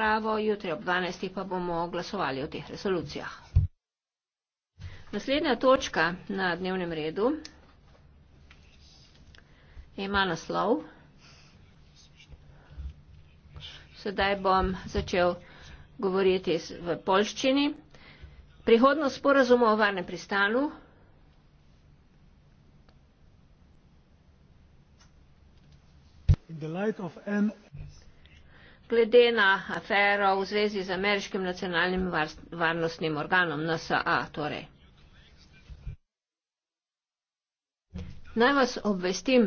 razpravo, jutri ob 12. pa bomo glasovali o teh resolucijah. Naslednja točka na dnevnem redu ima naslov. Sedaj bom začel govoriti v polščini. Prihodnost sporazuma o varnem pristanu. In the light of an glede na afero v zvezi z ameriškim nacionalnim varnostnim organom NSA. Torej. Naj vas obvestim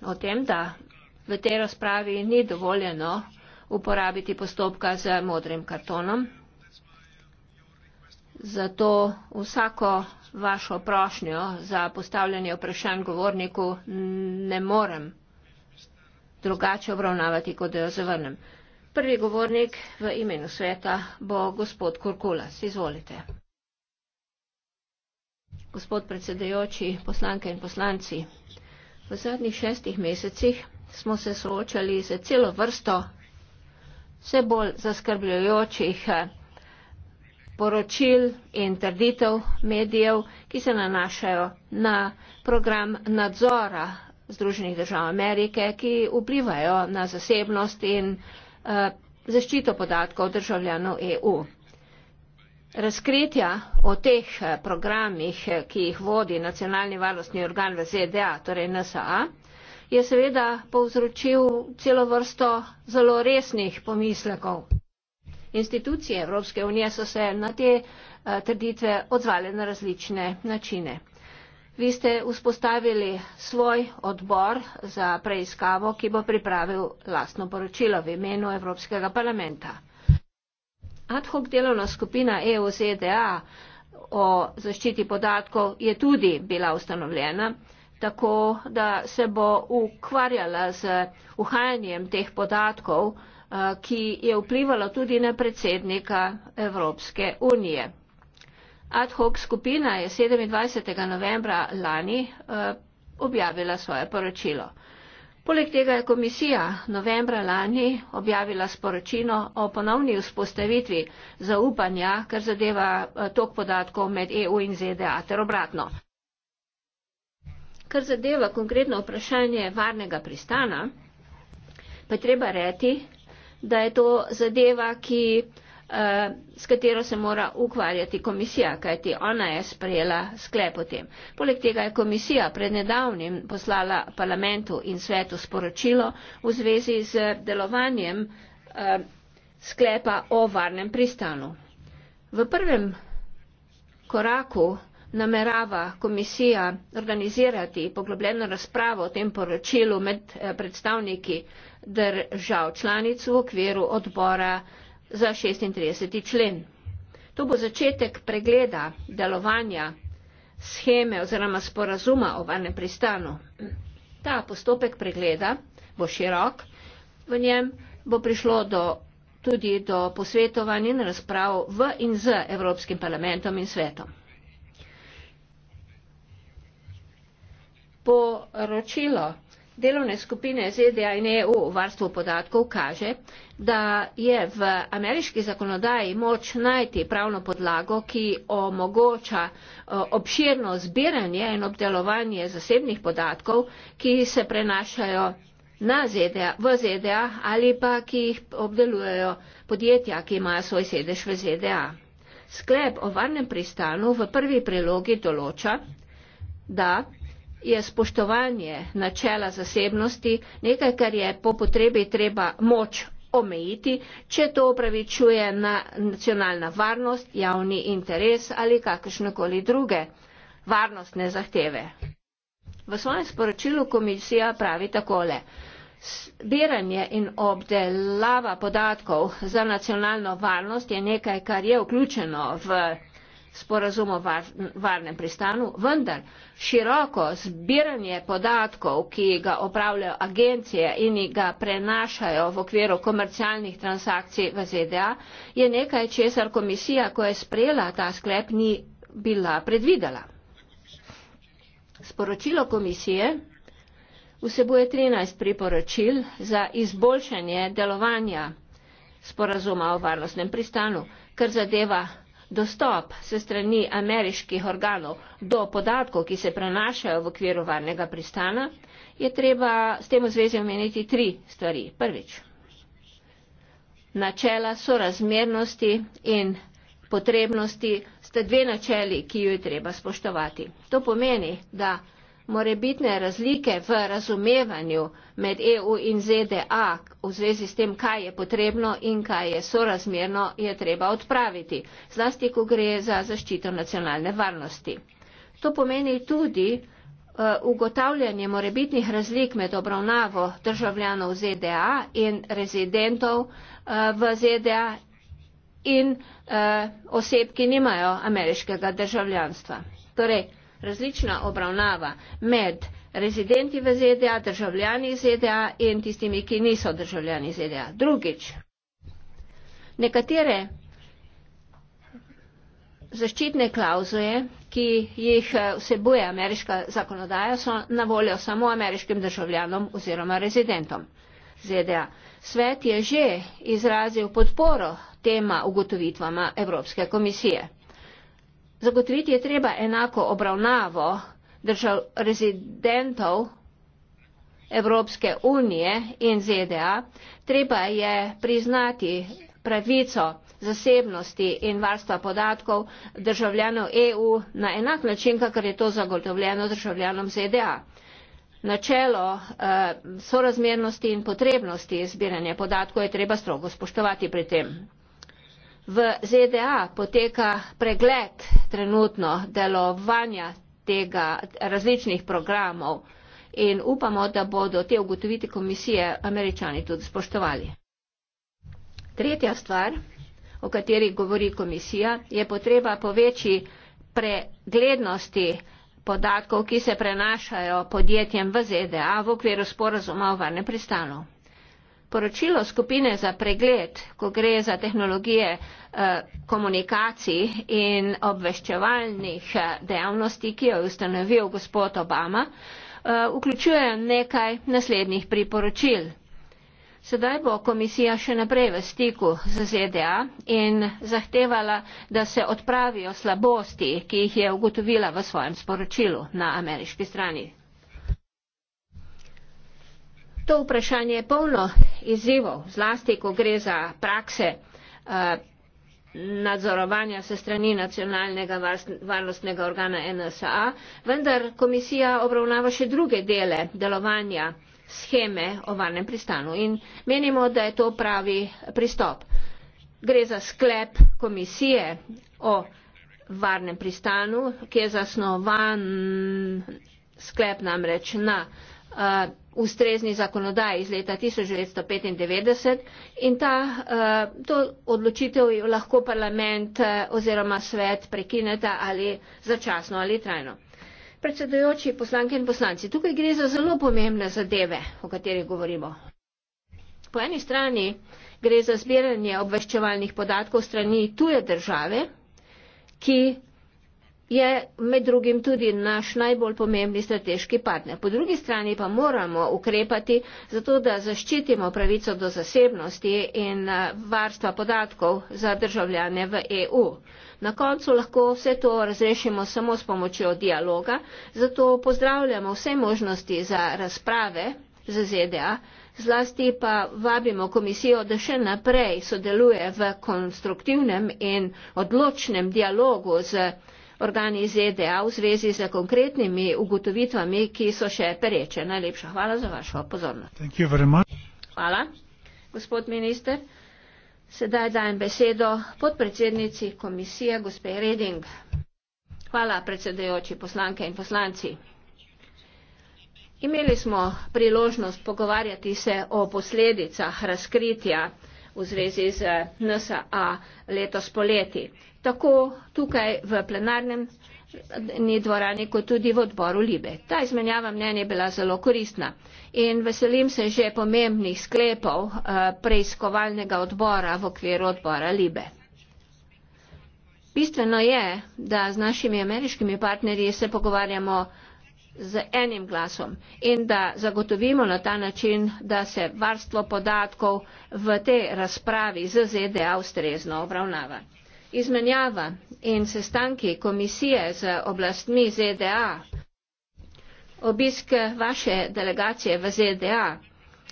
o tem, da v tej razpravi ni dovoljeno uporabiti postopka z modrim kartonom. Zato vsako vašo prošnjo za postavljanje vprašanj govorniku ne morem drugače obravnavati, kot da jo zavrnem. Prvi govornik v imenu sveta bo gospod Kurkulas. Izvolite. Gospod predsedajoči, poslanke in poslanci, v zadnjih šestih mesecih smo se soočali z celo vrsto vse bolj zaskrbljujočih eh, poročil in trditev medijev, ki se nanašajo na program nadzora Združenih držav Amerike, ki vplivajo na zasebnost in eh, zaščito podatkov državljanov EU. Razkritja o teh eh, programih, eh, ki jih vodi nacionalni varnostni organ v ZDA, torej NSA, je seveda povzročil celo vrsto zelo resnih pomislekov. Institucije Evropske unije so se na te trditve odzvale na različne načine. Vi ste vzpostavili svoj odbor za preiskavo, ki bo pripravil lastno poročilo v imenu Evropskega parlamenta. Ad hoc delovna skupina EU-ZDA o zaščiti podatkov je tudi bila ustanovljena, tako da se bo ukvarjala z uhajanjem teh podatkov, eh, ki je vplivalo tudi na predsednika Evropske unije ad hoc skupina je 27. novembra lani eh, objavila svoje poročilo. Poleg tega je komisija novembra lani objavila sporočilo o ponovni vzpostavitvi zaupanja, kar zadeva eh, tok podatkov med EU in ZDA ter obratno. Kar zadeva konkretno vprašanje varnega pristana, pa je treba reči, da je to zadeva, ki Eh, s katero se mora ukvarjati komisija, kajti ona je sprejela sklep o tem. Poleg tega je komisija pred nedavnim poslala parlamentu in svetu sporočilo v zvezi z delovanjem eh, sklepa o varnem pristanu. V prvem koraku namerava komisija organizirati poglobljeno razpravo o tem poročilu med eh, predstavniki držav članic v okviru odbora za šestintrideset člen. To bo začetek pregleda delovanja scheme oziroma sporazuma o varnem pristanu. Ta postopek pregleda bo širok, v njem bo prišlo do, tudi do posvetovanja in razprav v in z Evropskim parlamentom in svetom. Poročilo Delovne skupine ZDA in EU o varstvu podatkov kaže, da je v ameriški zakonodaji moč najti pravno podlago, ki omogoča obširno zbiranje in obdelovanje zasebnih podatkov, ki se prenašajo ZDA, v ZDA ali pa ki jih obdelujejo podjetja, ki imajo svoj sedež v ZDA. Sklep o varnem pristanu v prvi prilogi določa, da je spoštovanje načela zasebnosti nekaj, kar je po potrebi treba moč omejiti, če to upravičuje na nacionalna varnost, javni interes ali kakršnekoli druge varnostne zahteve. V svojem sporočilu komisija pravi takole. Zbiranje in obdelava podatkov za nacionalno varnost je nekaj, kar je vključeno v sporazum o var, varnem pristanu, vendar široko zbiranje podatkov, ki ga opravljajo agencije in ga prenašajo v okviru komercialnih transakcij v ZDA, je nekaj, česar komisija, ko je sprejela ta sklep, ni bila predvidela. Sporočilo komisije vsebuje 13 priporočil za izboljšanje delovanja sporazuma o varnostnem pristanu, kar zadeva Dostop se strani ameriških organov do podatkov, ki se prenašajo v okviru varnega pristana, je treba s tem v zvezi omeniti tri stvari. Prvič, načela sorazmernosti in potrebnosti sta dve načeli, ki ju je treba spoštovati. To pomeni, da morebitne razlike v razumevanju med EU in ZDA v zvezi s tem, kaj je potrebno in kaj je sorazmerno, je treba odpraviti, zlasti, ko gre za zaščito nacionalne varnosti. To pomeni tudi eh, ugotavljanje morebitnih razlik med obravnavo državljanov ZDA in rezidentov eh, v ZDA in eh, oseb, ki nimajo ameriškega državljanstva. Torej, različna obravnava med rezidenti v ZDA, državljani ZDA in tistimi, ki niso državljani ZDA. Drugič, nekatere zaščitne klauzuje, ki jih eh, vsebuje ameriška zakonodaja, so na voljo samo ameriškim državljanom oziroma rezidentom ZDA. Svet je že izrazil podporo tema ugotovitvama Evropske komisije. Zagotoviti je treba enako obravnavo držav rezidentov Evropske unije in ZDA. Treba je priznati pravico zasebnosti in varstva podatkov državljanov EU na enak način, kakor je to zagotovljeno državljanom ZDA. Načelo eh, sorazmernosti in potrebnosti zbiranja podatkov je treba strogo spoštovati pri tem v zda poteka pregled trenutno delovanja tega različnih programov in upamo da bodo te ugotovitve komisije američani tudi spoštovali. Tretja stvar, o kateri govori komisija, je potreba po večji preglednosti podatkov, ki se prenašajo podjetjem v ZDA v okviru sporazuma o varnem pristanu poročilo skupine za pregled, ko gre za tehnologije eh, komunikacij in obveščevalnih eh, dejavnosti, ki jo je ustanovil gospod Obama, eh, vključuje nekaj naslednjih priporočil. Sedaj bo komisija še naprej v stiku z ZDA in zahtevala, da se odpravijo slabosti, ki jih je ugotovila v svojem sporočilu na ameriški strani. To vprašanje je polno izzivov, zlasti, ko gre za prakse eh, nadzorovanja se strani nacionalnega varnostnega organa NSA, vendar komisija obravnava še druge dele delovanja scheme o varnem pristanu in menimo, da je to pravi pristop. Gre za sklep komisije o varnem pristanu, ki je zasnovan sklep namreč na uh, uh, ustrezni zakonodaji iz leta 1995 in ta, uh, to odločitev lahko parlament uh, oziroma svet prekineta ali začasno ali trajno. Predsedujoči poslanke in poslanci, tukaj gre za zelo pomembne zadeve, o katerih govorimo. Po eni strani gre za zbiranje obveščevalnih podatkov strani tuje države, ki je med drugim tudi naš najbolj pomembni strateški partner. Po drugi strani pa moramo ukrepati zato, da zaščitimo pravico do zasebnosti in eh, varstva podatkov za državljane v EU. Na koncu lahko vse to razrešimo samo s pomočjo dialoga, zato pozdravljamo vse možnosti za razprave z ZDA, zlasti pa vabimo komisijo, da še naprej sodeluje v konstruktivnem in odločnem dialogu z organi ZDA v zvezi z konkretnimi ugotovitvami, ki so še pereče. Najlepša hvala za vašo pozornost. Hvala, gospod minister. Sedaj dajem besedo podpredsednici komisije, gospe Reding. Hvala, predsedajoči poslanke in poslanci. Imeli smo priložnost pogovarjati se o posledicah razkritja v zvezi z NSA letos poleti tako tukaj v plenarnem dvorani, kot tudi v odboru Libe. Ta izmenjava mnenja je bila zelo koristna in veselim se že pomembnih sklepov eh, preiskovalnega odbora v okviru odbora Libe. Bistveno je, da z našimi ameriškimi partnerji se pogovarjamo z enim glasom in da zagotovimo na ta način, da se varstvo podatkov v tej razpravi z ZDA ustrezno obravnava izmenjava in sestanki komisije z oblastmi zda obisk vaše delegacije v zda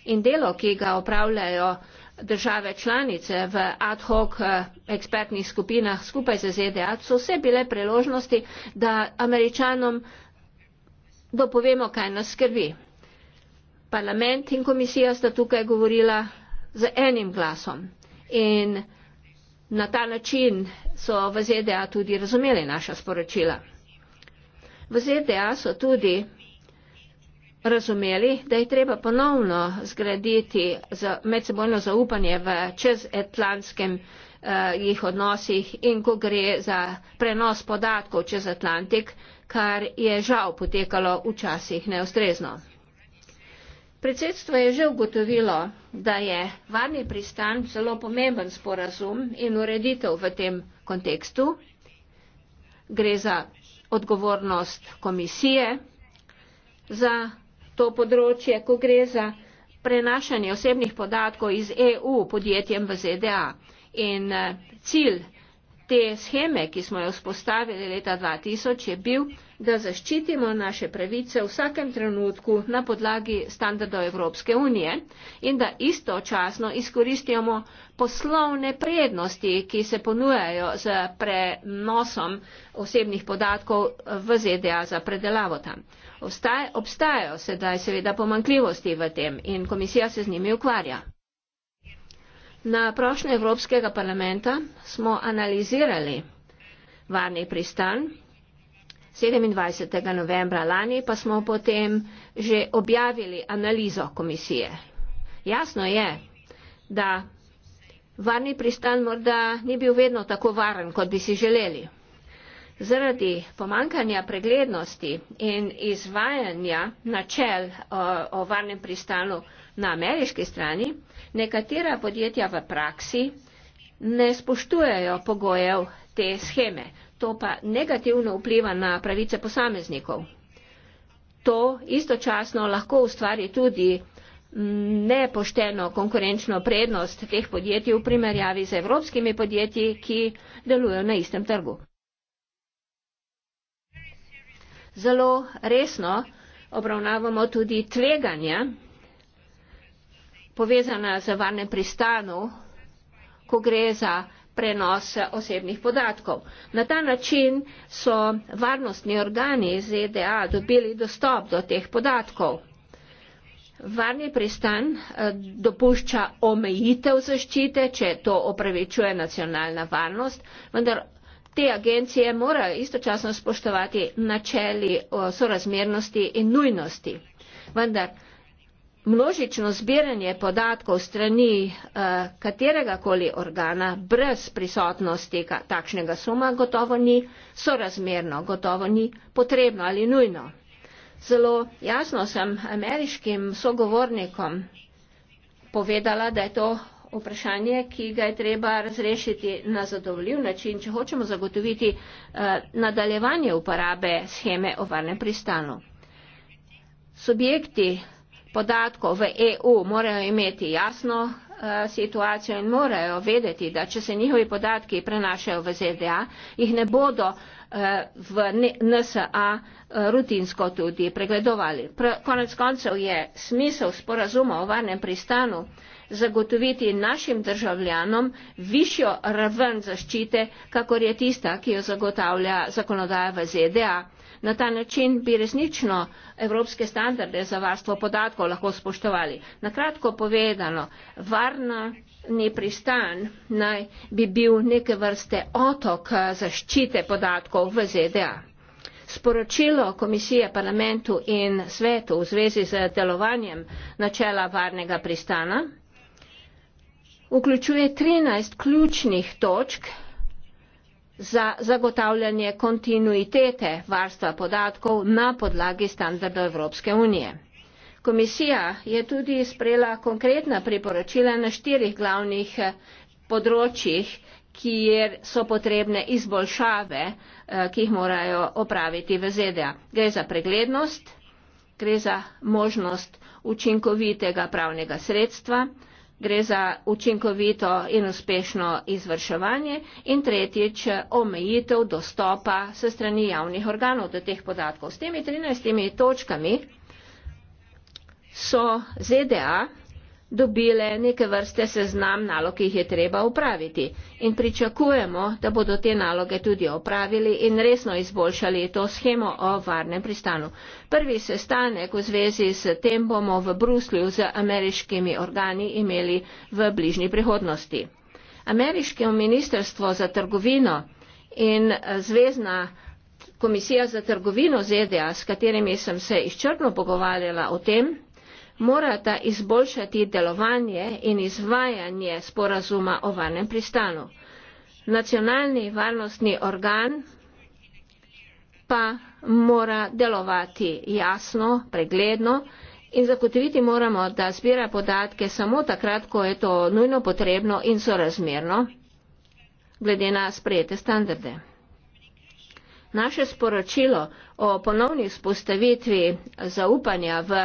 in delo ki ga opravljajo države članice v ad hoc eh, ekspertnih skupinah skupaj z zda so vse bile priložnosti da američanom dopovemo kaj nas skrbi parlament in komisija sta tukaj govorila z enim glasom in Na ta način so v ZDA tudi razumeli naša sporočila. V ZDA so tudi razumeli, da je treba ponovno zgraditi medsebojno zaupanje v čezatlantskem eh, jih odnosih in ko gre za prenos podatkov čez Atlantik, kar je žal potekalo včasih neustrezno. Predsedstvo je že ugotovilo, da je varni pristan zelo pomemben sporazum in ureditev v tem kontekstu. Gre za odgovornost komisije za to področje, ko gre za prenašanje osebnih podatkov iz EU podjetjem v ZDA. In eh, cilj te scheme, ki smo jo vzpostavili leta 2000, je bil da zaščitimo naše pravice v vsakem trenutku na podlagi standardov Evropske unije in da istočasno izkoristimo poslovne prednosti, ki se ponujajo z prenosom osebnih podatkov v ZDA za predelavo tam. Obstaj, obstajajo sedaj seveda pomankljivosti v tem in komisija se z njimi ukvarja. Na prošnje Evropskega parlamenta smo analizirali varni pristan 27. novembra lani pa smo potem že objavili analizo komisije. Jasno je, da varni pristan morda ni bil vedno tako varen, kot bi si želeli. Zaradi pomankanja preglednosti in izvajanja načel o, o varnem pristanu na ameriški strani, nekatera podjetja v praksi ne spoštujejo pogojev te scheme to pa negativno vpliva na pravice posameznikov. To istočasno lahko ustvari tudi mm, nepošteno konkurenčno prednost teh podjetij v primerjavi z evropskimi podjetji, ki delujejo na istem trgu. Zelo resno obravnavamo tudi tveganja, povezana z varnem pristanu, ko gre za prenos osebnih podatkov. Na ta način so varnostni organi iz ZDA dobili dostop do teh podatkov. Varni pristan eh, dopušča omejitev zaščite, če to opravičuje nacionalna varnost, vendar te agencije morajo istočasno spoštovati načeli eh, sorazmernosti in nujnosti. Vendar množično zbiranje podatkov strani eh, kateregakoli organa brez prisotnosti takšnega suma gotovo ni sorazmerno, gotovo ni potrebno ali nujno. Zelo jasno sem ameriškim sogovornikom povedala, da je to vprašanje, ki ga je treba razrešiti na zadovoljiv način, če hočemo zagotoviti eh, nadaljevanje uporabe scheme o varnem pristanu. Subjekti podatkov v EU morajo imeti jasno eh, situacijo in morajo vedeti, da če se njihovi podatki prenašajo v ZDA, jih ne bodo eh, v NSA eh, rutinsko tudi pregledovali. Konec koncev je smisel sporazuma o varnem pristanu zagotoviti našim državljanom višjo raven zaščite, kakor je tista, ki jo zagotavlja zakonodaja v ZDA. Na ta način bi resnično evropske standarde za varstvo podatkov lahko spoštovali. Na kratko povedano, varna ni pristan, naj bi bil neke vrste otok zaščite podatkov v ZDA. Sporočilo Komisije parlamentu in svetu v zvezi z delovanjem načela varnega pristana vključuje 13 ključnih točk, za zagotavljanje kontinuitete varstva podatkov na podlagi standardov Evropske unije. Komisija je tudi sprejela konkretna priporočila na štirih glavnih eh, področjih, kjer so potrebne izboljšave, eh, ki jih morajo opraviti v ZDA. Gre za preglednost, gre za možnost učinkovitega pravnega sredstva, gre za učinkovito in uspešno izvrševanje in tretjič omejitev dostopa se strani javnih organov do teh podatkov. S temi 13 točkami so ZDA dobile neke vrste seznam nalog, ki jih je treba upraviti. In pričakujemo, da bodo te naloge tudi opravili in resno izboljšali to schemo o varnem pristanu. Prvi sestanek v zvezi s tem bomo v Bruslju z ameriškimi organi imeli v bližnji prihodnosti. Ameriško ministrstvo za trgovino in zvezna komisija za trgovino ZDA, s katerimi sem se izčrpno pogovarjala o tem, morata izboljšati delovanje in izvajanje sporazuma o varnem pristanu. Nacionalni varnostni organ pa mora delovati jasno, pregledno in zagotoviti moramo, da zbira podatke samo takrat, ko je to nujno potrebno in sorazmerno, glede na sprejete standarde. Naše sporočilo o ponovni vzpostavitvi zaupanja v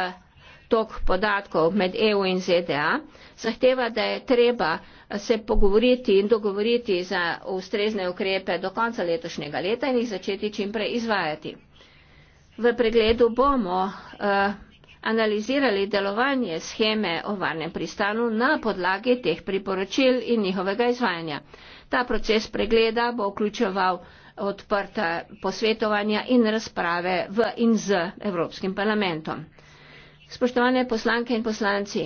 tok podatkov med EU in ZDA, zahteva, da je treba se pogovoriti in dogovoriti za ustrezne ukrepe do konca letošnjega leta in jih začeti čim prej izvajati. V pregledu bomo uh, analizirali delovanje scheme o varnem pristanu na podlagi teh priporočil in njihovega izvajanja. Ta proces pregleda bo vključeval odprta posvetovanja in razprave v in z Evropskim parlamentom. Spoštovane poslanke in poslanci,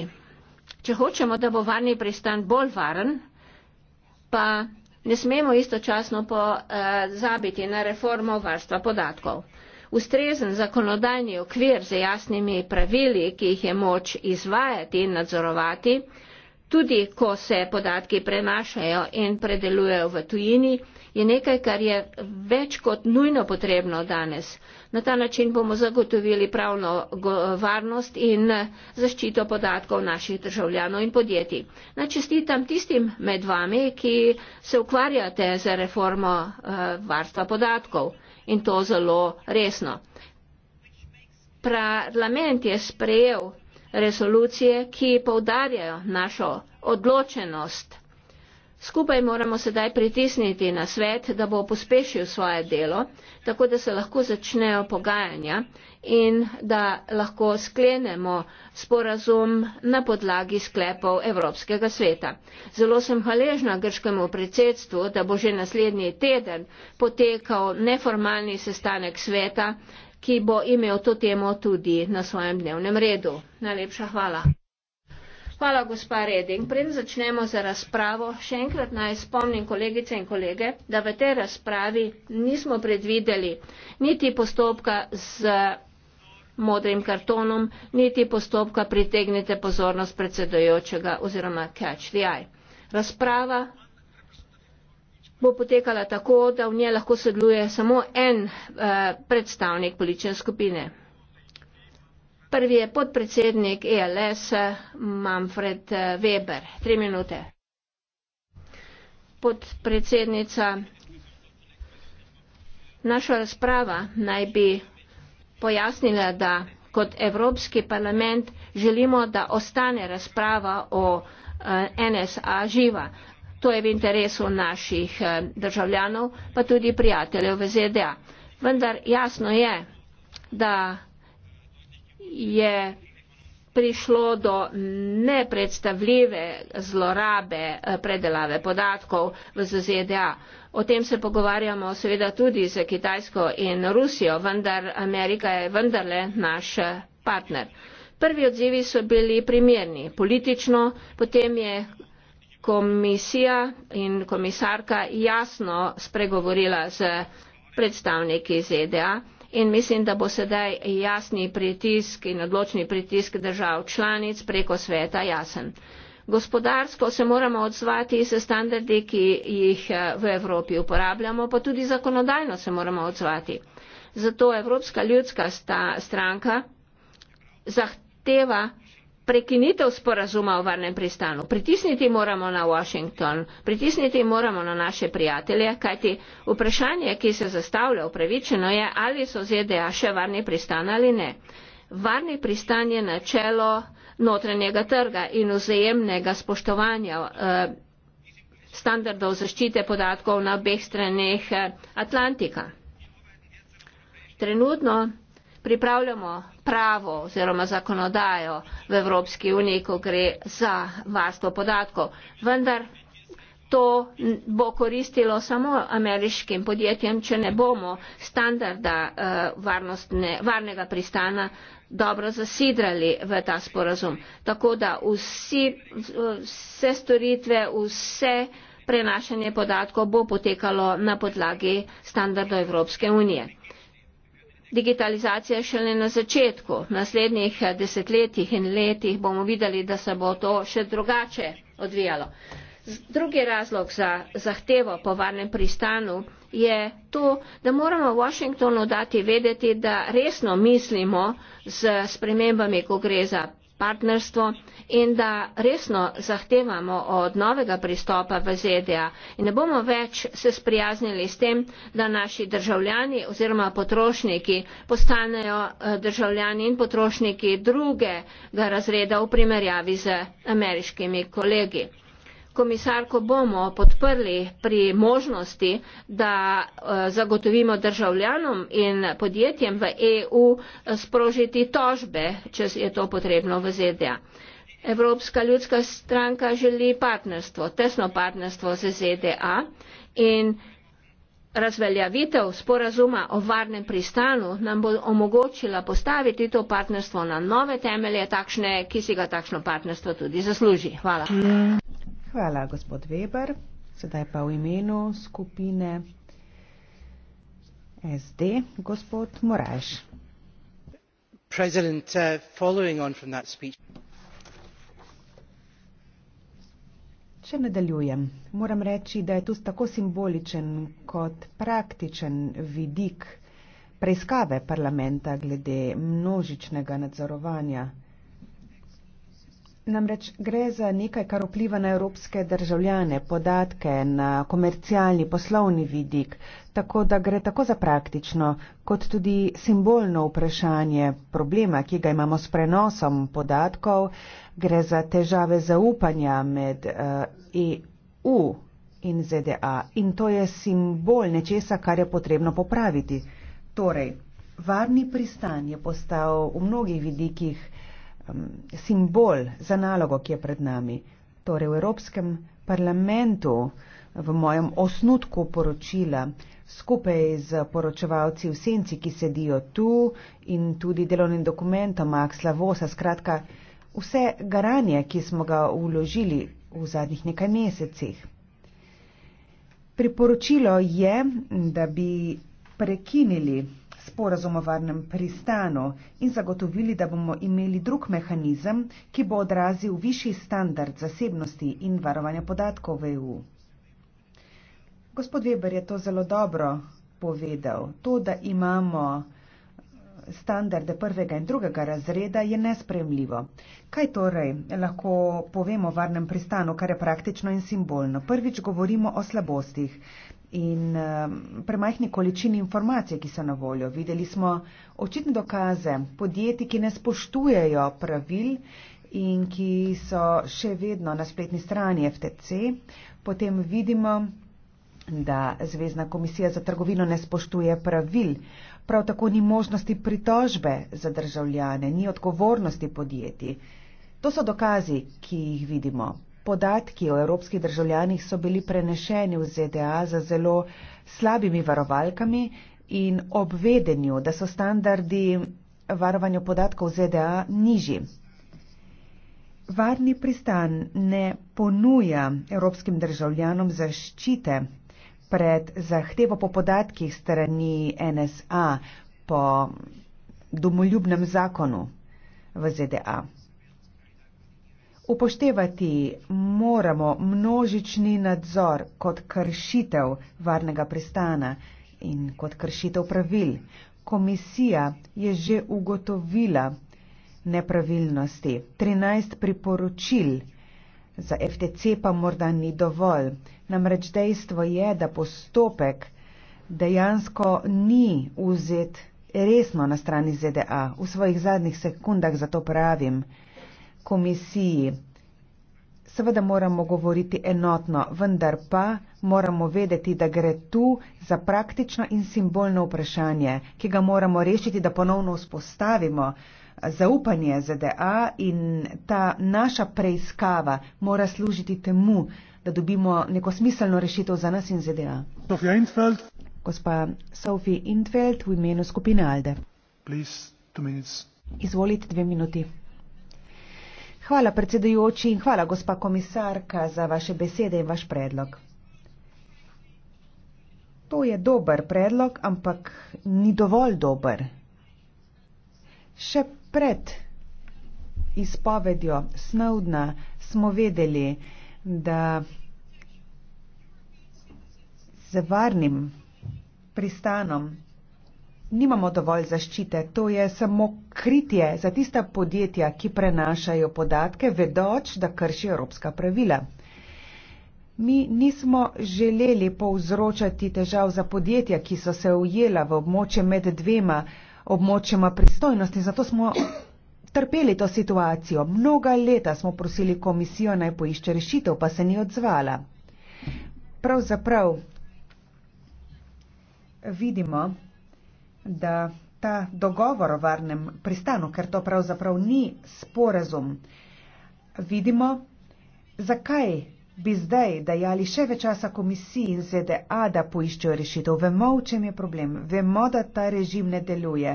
če hočemo, da bo varni pristan bolj varen, pa ne smemo istočasno pozabiti eh, na reformo varstva podatkov. Ustrezen zakonodajni okvir z jasnimi pravili, ki jih je moč izvajati in nadzorovati, Tudi ko se podatki prenašajo in predelujejo v tujini, je nekaj, kar je več kot nujno potrebno danes. Na ta način bomo zagotovili pravno varnost in zaščito podatkov naših državljanov in podjetij. Načestitam tistim med vami, ki se ukvarjate z reformo eh, varstva podatkov in to zelo resno. Parlament je sprejel resolucije, ki povdarjajo našo odločenost. Skupaj moramo sedaj pritisniti na svet, da bo pospešil svoje delo, tako da se lahko začnejo pogajanja in da lahko sklenemo sporazum na podlagi sklepov Evropskega sveta. Zelo sem hvaležna grškemu predsedstvu, da bo že naslednji teden potekal neformalni sestanek sveta ki bo imel to temo tudi na svojem dnevnem redu. Najlepša hvala. Hvala, gospa Reding. Preden začnemo za razpravo, še enkrat naj spomnim kolegice in kolege, da v tej razpravi nismo predvideli niti postopka z modrim kartonom, niti postopka pritegnite pozornost predsedojočega oziroma catch the eye. Razprava bo potekala tako, da v nje lahko sodeluje samo en eh, predstavnik politične skupine. Prvi je podpredsednik ELS Manfred eh, Weber. Tri minute. Podpredsednica, naša razprava naj bi pojasnila, da kot Evropski parlament želimo, da ostane razprava o eh, NSA živa. To je v interesu naših eh, državljanov, pa tudi prijateljev v ZDA. Vendar jasno je, da je prišlo do nepredstavljive zlorabe eh, predelave podatkov v ZDA. O tem se pogovarjamo seveda tudi z Kitajsko in Rusijo, vendar Amerika je vendarle naš eh, partner. Prvi odzivi so bili primerni politično, potem je komisija in komisarka jasno spregovorila z predstavniki ZDA in mislim, da bo sedaj jasni pritisk in odločni pritisk držav članic preko sveta jasen. Gospodarsko se moramo odzvati s standardi, ki jih eh, v Evropi uporabljamo, pa tudi zakonodajno se moramo odzvati. Zato Evropska ljudska stranka zahteva prekinitev sporazuma o varnem pristanu. Pritisniti moramo na Washington, pritisniti moramo na naše prijatelje, kajti vprašanje, ki se zastavlja upravičeno je, ali so ZDA še varni pristan ali ne. Varni pristan je načelo notranjega trga in vzajemnega spoštovanja eh, standardov zaščite podatkov na obeh straneh eh, Atlantika. Trenutno pripravljamo pravo oziroma zakonodajo v Evropski uniji, ko gre za varstvo podatkov. Vendar to bo koristilo samo ameriškim podjetjem, če ne bomo standarda eh, varnega pristana dobro zasidrali v ta sporazum. Tako da vsi, vse storitve, vse prenašanje podatkov bo potekalo na podlagi standardov Evropske unije digitalizacija je šele na začetku. V naslednjih eh, desetletjih in letih bomo videli, da se bo to še drugače odvijalo. Drugi razlog za zahtevo po varnem pristanu je to, da moramo Washingtonu dati vedeti, da resno mislimo z spremembami, ko gre za partnerstvu in da resno zahtevamo od novega pristopa v ZDA in ne bomo več se sprijaznili s tem, da naši državljani oziroma potrošniki postanejo eh, državljani in potrošniki drugega razreda v primerjavi z ameriškimi kolegi komisarko bomo podprli pri možnosti, da eh, zagotovimo državljanom in podjetjem v EU eh, sprožiti tožbe, če je to potrebno v ZDA. Evropska ljudska stranka želi partnerstvo, tesno partnerstvo z ZDA in razveljavitev sporazuma o varnem pristanu nam bo omogočila postaviti to partnerstvo na nove temelje, takšne, ki si ga takšno partnerstvo tudi zasluži. Hvala. Hvala, gospod Weber. Sedaj pa v imenu skupine SD, gospod Moraš. Uh, Če nadaljujem, moram reči, da je tu tako simboličen kot praktičen vidik preiskave parlamenta glede množičnega nadzorovanja Namreč gre za nekaj, kar vpliva na evropske državljane, podatke, na komercialni, poslovni vidik, tako da gre tako za praktično kot tudi simbolno vprašanje problema, ki ga imamo s prenosom podatkov, gre za težave zaupanja med uh, eh, EU in ZDA in to je simbol nečesa, kar je potrebno popraviti. Torej, varni pristan je postal v mnogih vidikih. Uh, um, simbol za nalogo, ki je pred nami. Torej v Evropskem parlamentu, v mojem osnutku poročila, skupaj z poročevalci v senci, ki sedijo tu in tudi delovnim dokumentom Aksla Vosa, skratka vse garanje, ki smo ga uložili v zadnjih nekaj mesecih. Priporočilo je, da bi prekinili sporazum o varnem pristanu in zagotovili, da bomo imeli drug mehanizem, ki bo odrazil višji standard zasebnosti in varovanja podatkov v EU. Gospod Weber je to zelo dobro povedal. To, da imamo eh, standarde prvega in drugega razreda, je nespremljivo. Kaj torej lahko povemo o varnem pristanu, kar je praktično in simbolno? Prvič govorimo o slabostih in um, premajhni količini informacije, ki so na voljo. Videli smo očitne dokaze podjetij, ki ne spoštujejo pravil in ki so še vedno na spletni strani FTC. Potem vidimo, da Zvezdna komisija za trgovino ne spoštuje pravil. Prav tako ni možnosti pritožbe za državljane, ni odgovornosti podjetij. To so dokazi, ki jih vidimo. Podatki o evropskih državljanih so bili prenešeni v ZDA za zelo slabimi varovalkami in obvedenju, da so standardi varovanja podatkov ZDA nižji. Varni pristan ne ponuja evropskim državljanom zaščite pred zahtevo po podatkih strani NSA po domoljubnem zakonu v ZDA. Upoštevati moramo množični nadzor kot kršitev varnega pristana in kot kršitev pravil. Komisija je že ugotovila nepravilnosti. 13 priporočil za FTC pa morda ni dovolj. Namreč dejstvo je, da postopek dejansko ni vzet resno na strani ZDA. V svojih zadnjih sekundah zato pravim, komisiji. Seveda moramo govoriti enotno, vendar pa moramo vedeti, da gre tu za praktično in simbolno vprašanje, ki ga moramo rešiti, da ponovno vzpostavimo zaupanje ZDA in ta naša preiskava mora služiti temu, da dobimo neko smiselno rešitev za nas in ZDA. Sofija Intfeld. Gospa Sofija Intfeld v imenu skupine Alde. Please, Izvolite dve minuti. Hvala predsedujoči in hvala gospa komisarka za vaše besede in vaš predlog. To je dober predlog, ampak ni dovolj dober. Še pred izpovedjo Snowdna smo vedeli, da z varnim pristanom nimamo dovolj zaščite, to je samo kritje za tista podjetja, ki prenašajo podatke, vedoč, da krši evropska pravila. Mi nismo želeli povzročati težav za podjetja, ki so se ujela v območje med dvema območjema pristojnosti, zato smo trpeli to situacijo. Mnoga leta smo prosili komisijo naj poišče rešitev, pa se ni odzvala. Pravzaprav vidimo, da ta dogovor o varnem pristanu, ker to pravzaprav ni sporazum, vidimo, zakaj bi zdaj dajali še več časa komisiji in ZDA, da poiščejo rešitev. Vemo, v čem je problem, vemo, da ta režim ne deluje.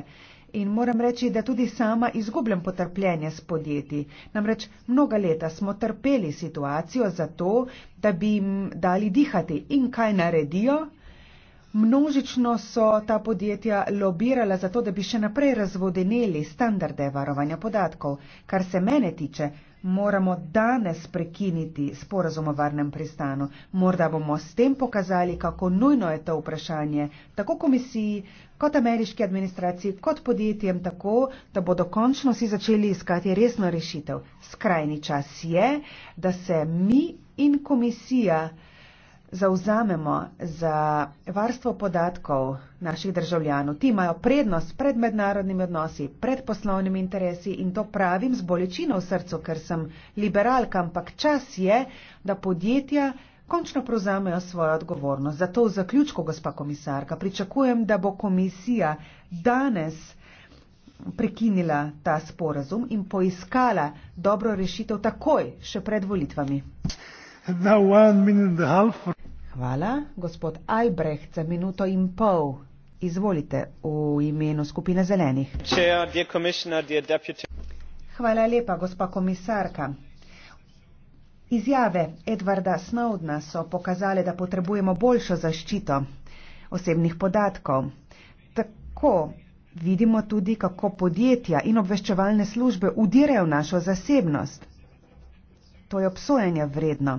In moram reči, da tudi sama izgubljam potrpljenje s podjetji. Namreč mnoga leta smo trpeli situacijo za to, da bi jim dali dihati. In kaj naredijo? Množično so ta podjetja lobirala za to, da bi še naprej razvodeneli standarde varovanja podatkov. Kar se mene tiče, moramo danes prekiniti sporazum o varnem pristanu. Morda bomo s tem pokazali, kako nujno je to vprašanje, tako komisiji, kot ameriški administraciji, kot podjetjem, tako, da bodo končno si začeli iskati resno rešitev. Skrajni čas je, da se mi in komisija zauzamemo za varstvo podatkov naših državljanov. Ti imajo prednost pred mednarodnimi odnosi, pred poslovnimi interesi in to pravim z bolečino v srcu, ker sem liberalka, ampak čas je, da podjetja končno prevzamejo svojo odgovornost. Zato v zaključku, gospa komisarka, pričakujem, da bo komisija danes prekinila ta sporazum in poiskala dobro rešitev takoj, še pred volitvami. Hvala, gospod Albrecht, za minuto in pol. Izvolite v imenu skupine zelenih. Hvala lepa, gospa komisarka. Izjave Edvarda Snowdna so pokazale, da potrebujemo boljšo zaščito osebnih podatkov. Tako vidimo tudi, kako podjetja in obveščevalne službe udirajo v našo zasebnost. To je obsojanje vredno.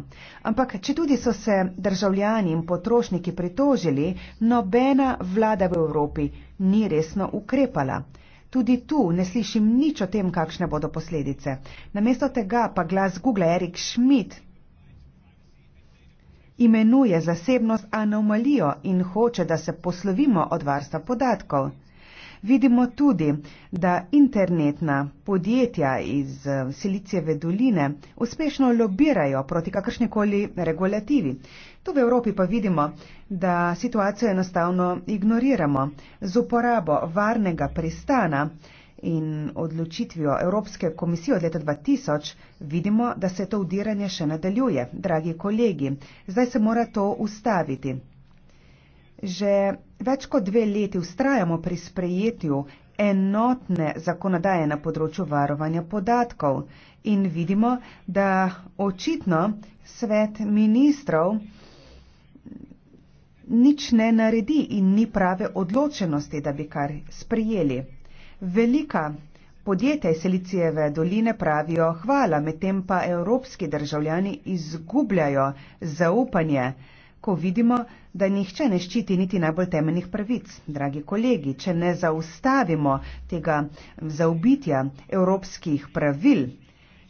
Ampak, če tudi so se državljani in potrošniki pritožili, nobena vlada v Evropi ni resno ukrepala. Tudi tu ne slišim nič o tem, kakšne bodo posledice. Namesto tega pa glas Google Erik Schmidt imenuje zasebnost anomalijo in hoče, da se poslovimo od varstva podatkov vidimo tudi, da internetna podjetja iz eh, Silicijeve doline uspešno lobirajo proti kakršnekoli regulativi. Tu v Evropi pa vidimo, da situacijo enostavno ignoriramo z uporabo varnega pristana. In odločitvijo Evropske komisije od leta 2000 vidimo, da se to udiranje še nadaljuje. Dragi kolegi, zdaj se mora to ustaviti. Že več kot dve leti ustrajamo pri sprejetju enotne zakonodaje na področju varovanja podatkov in vidimo, da očitno svet ministrov nič ne naredi in ni prave odločenosti, da bi kar sprijeli. Velika podjetja iz Silicijeve doline pravijo hvala, medtem pa evropski državljani izgubljajo zaupanje ko vidimo, da nihče ne ščiti niti najbolj temeljnih pravic. Dragi kolegi, če ne zaustavimo tega zaubitja evropskih pravil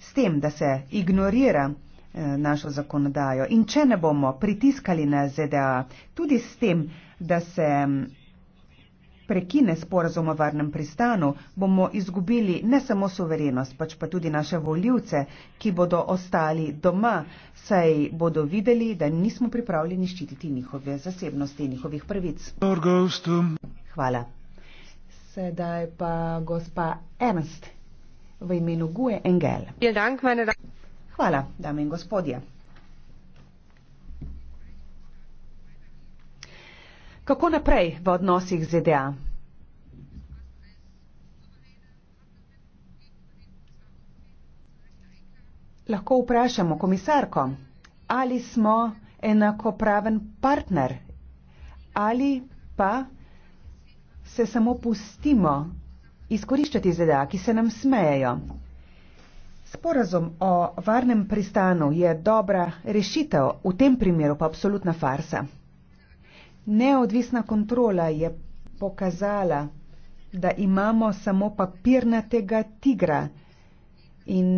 s tem, da se ignorira eh, našo zakonodajo in če ne bomo pritiskali na ZDA tudi s tem, da se prekine sporazum o varnem pristanu, bomo izgubili ne samo suverenost, pač pa tudi naše voljivce, ki bodo ostali doma, saj bodo videli, da nismo pripravljeni ščititi njihove zasebnosti in njihovih prvic. Hvala. Sedaj pa gospa Ernst v imenu Gue Engel. Hvala, dame in gospodje. Kako naprej v odnosih z ZDA? Lahko vprašamo komisarko, ali smo enakopraven partner ali pa se samo pustimo izkoriščati ZDA, ki se nam smejejo. Sporazum o varnem pristanu je dobra rešitev, v tem primeru pa absolutna farsa. Neodvisna kontrola je pokazala, da imamo samo papirnatega tigra. In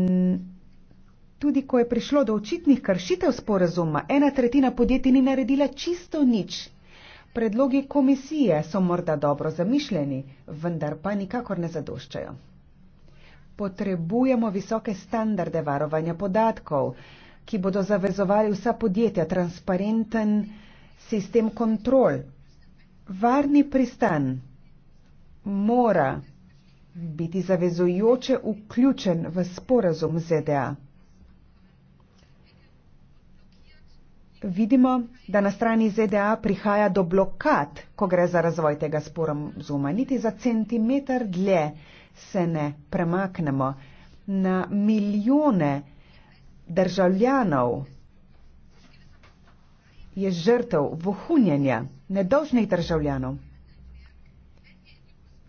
tudi, ko je prišlo do očitnih kršitev sporazuma, ena tretjina podjetij ni naredila čisto nič. Predlogi komisije so morda dobro zamišljeni, vendar pa nikakor ne zadoščajo. Potrebujemo visoke standarde varovanja podatkov, ki bodo zavezovali vsa podjetja, transparenten, sistem kontrol, varni pristan mora biti zavezujoče vključen v sporazum ZDA. Vidimo, da na strani ZDA prihaja do blokad, ko gre za razvoj tega sporazuma. Niti za centimeter dlje se ne premaknemo. Na milijone državljanov je žrtev vohunjenja nedolžnih državljanov.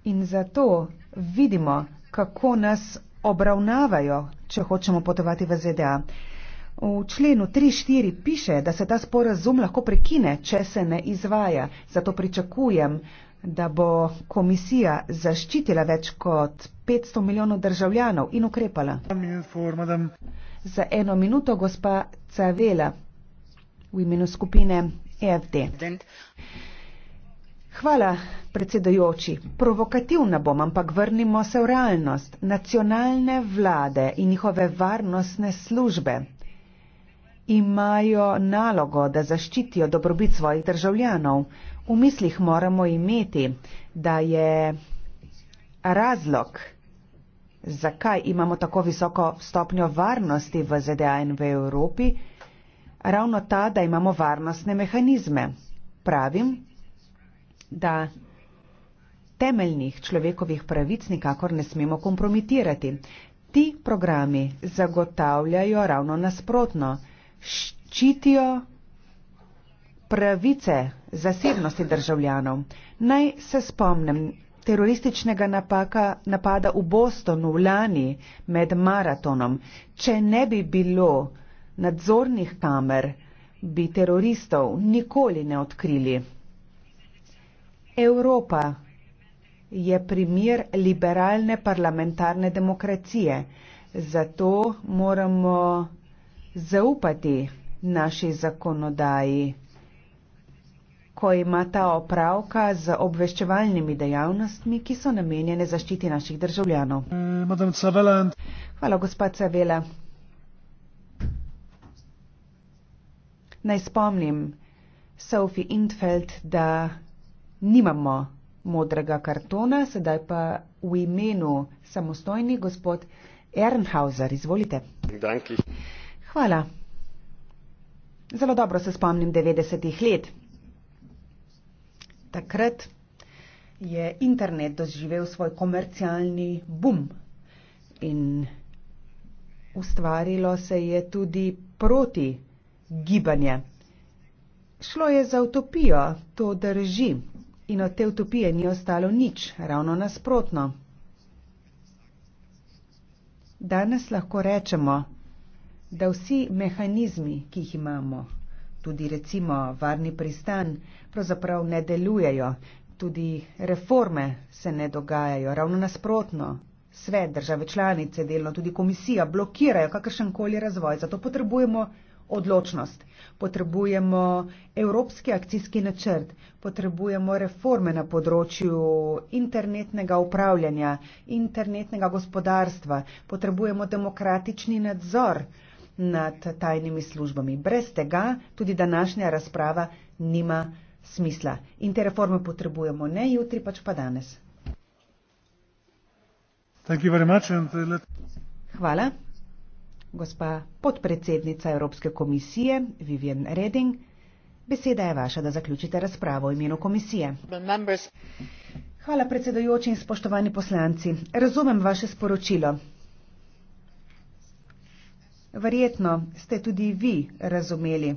In zato vidimo, kako nas obravnavajo, če hočemo potovati v ZDA. V členu 3.4 piše, da se ta sporazum lahko prekine, če se ne izvaja. Zato pričakujem, da bo komisija zaščitila več kot 500 milijonov državljanov in ukrepala. Za eno minuto, gospa Cavela v imenu skupine EFD. Hvala, predsedojoči. Provokativna bom, ampak vrnimo se v realnost. Nacionalne vlade in njihove varnostne službe imajo nalogo, da zaščitijo dobrobit svojih državljanov. V mislih moramo imeti, da je razlog, zakaj imamo tako visoko stopnjo varnosti v ZDA in v Evropi, ravno ta, da imamo varnostne mehanizme. Pravim, da temeljnih človekovih pravic nikakor ne smemo kompromitirati. Ti programi zagotavljajo ravno nasprotno, ščitijo pravice zasebnosti državljanov. Naj se spomnem terorističnega napaka, napada v Bostonu lani med maratonom. Če ne bi bilo nadzornih kamer bi teroristov nikoli ne odkrili. Evropa je primer liberalne parlamentarne demokracije, zato moramo zaupati naši zakonodaji, ko ima ta opravka z obveščevalnimi dejavnostmi, ki so namenjene zaščiti naših državljanov. Eh, Hvala, gospod Cavela. Naj spomnim Sophie Intfeld, da nimamo modrega kartona, sedaj pa v imenu samostojni gospod Ernhauser. Izvolite. Danki. Hvala. Zelo dobro se spomnim 90-ih let. Takrat je internet doživel svoj komercialni bum in ustvarilo se je tudi proti gibanje. Šlo je za utopijo, to drži, in od te utopije ni ostalo nič, ravno nasprotno. Danes lahko rečemo, da vsi mehanizmi, ki jih imamo, tudi recimo varni pristan, pravzaprav ne delujejo, tudi reforme se ne dogajajo, ravno nasprotno. Svet, države članice, delno tudi komisija blokirajo kakršen koli razvoj, zato potrebujemo odločnost. Potrebujemo evropski akcijski načrt, potrebujemo reforme na področju internetnega upravljanja, internetnega gospodarstva, potrebujemo demokratični nadzor nad tajnimi službami. Brez tega tudi današnja razprava nima smisla. In te reforme potrebujemo ne jutri, pač pa danes. Uh, Hvala gospa podpredsednica Evropske komisije Vivian Reding. Beseda je vaša, da zaključite razpravo v imenu komisije. Hvala predsedojoči in spoštovani poslanci. Razumem vaše sporočilo. Verjetno ste tudi vi razumeli,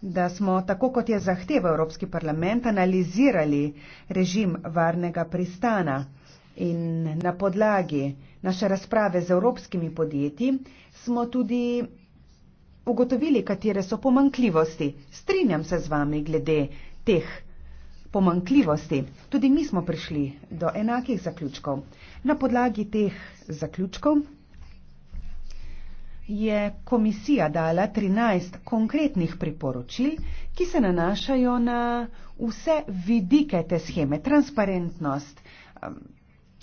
da smo, tako kot je zahteva Evropski parlament, analizirali režim varnega pristana in na podlagi naše razprave z evropskimi podjetji smo tudi ugotovili, katere so pomankljivosti. Strinjam se z vami glede teh pomankljivosti. Tudi mi smo prišli do enakih zaključkov. Na podlagi teh zaključkov je komisija dala 13 konkretnih priporočil, ki se nanašajo na vse vidike te scheme, transparentnost,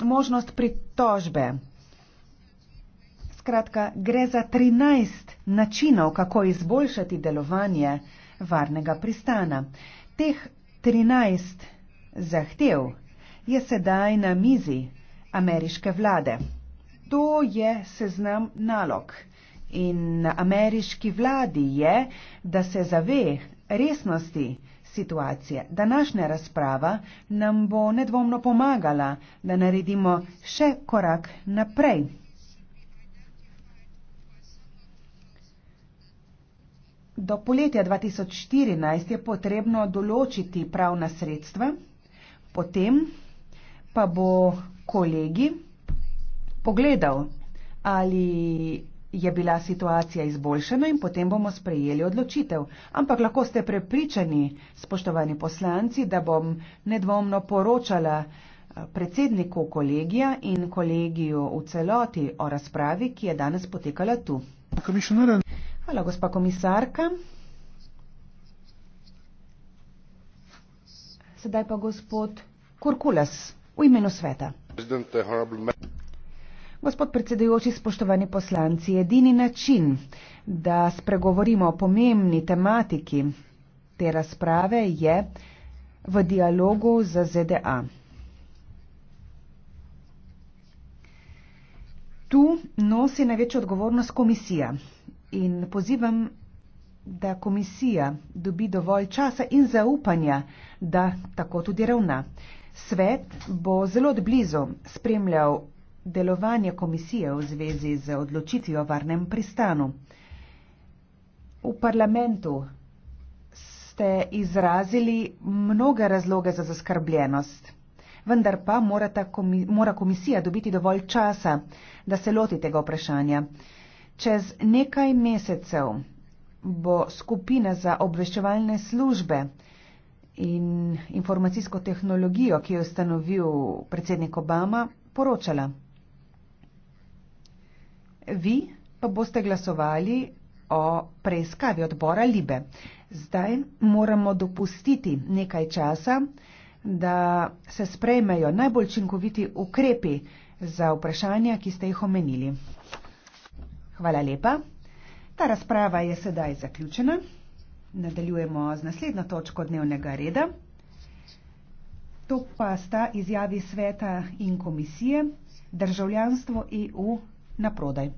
možnost pritožbe. Skratka, gre za 13 načinov, kako izboljšati delovanje varnega pristana. Teh 13 zahtev je sedaj na mizi ameriške vlade. To je seznam nalog. In ameriški vladi je, da se zave resnosti situacije. Današnja razprava nam bo nedvomno pomagala, da naredimo še korak naprej. Do poletja 2014 je potrebno določiti pravna sredstva, potem pa bo kolegi pogledal, ali je bila situacija izboljšana in potem bomo sprejeli odločitev. Ampak lahko ste prepričani, spoštovani poslanci, da bom nedvomno poročala eh, predsedniku kolegija in kolegiju v celoti o razpravi, ki je danes potekala tu. Hvala, gospa komisarka. Sedaj pa gospod Kurkulas v imenu sveta. President, Gospod predsedujoči, spoštovani poslanci, edini način, da spregovorimo o pomembni tematiki te razprave, je v dialogu z ZDA. Tu nosi največjo odgovornost komisija in pozivam, da komisija dobi dovolj časa in zaupanja, da tako tudi ravna. Svet bo zelo odblizu spremljal delovanje komisije v zvezi z odločitvijo o varnem pristanu. V parlamentu ste izrazili mnoge razloge za zaskrbljenost, vendar pa mora, komi, mora komisija dobiti dovolj časa, da se loti tega vprašanja. Čez nekaj mesecev bo skupina za obveščevalne službe in informacijsko tehnologijo, ki jo ustanovil predsednik Obama, poročala vi pa boste glasovali o preiskavi odbora Libe. Zdaj moramo dopustiti nekaj časa, da se sprejmejo najbolj učinkoviti ukrepi za vprašanja, ki ste jih omenili. Hvala lepa. Ta razprava je sedaj zaključena. Nadaljujemo z naslednjo točko dnevnega reda. To pa sta izjavi sveta in komisije državljanstvo EU na prodaj.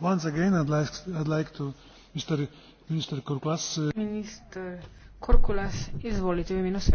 Once again, I'd like, I'd like to, Mr. Minister Korkulas. Uh, Minister Korkulas, izvolite v imenu sve.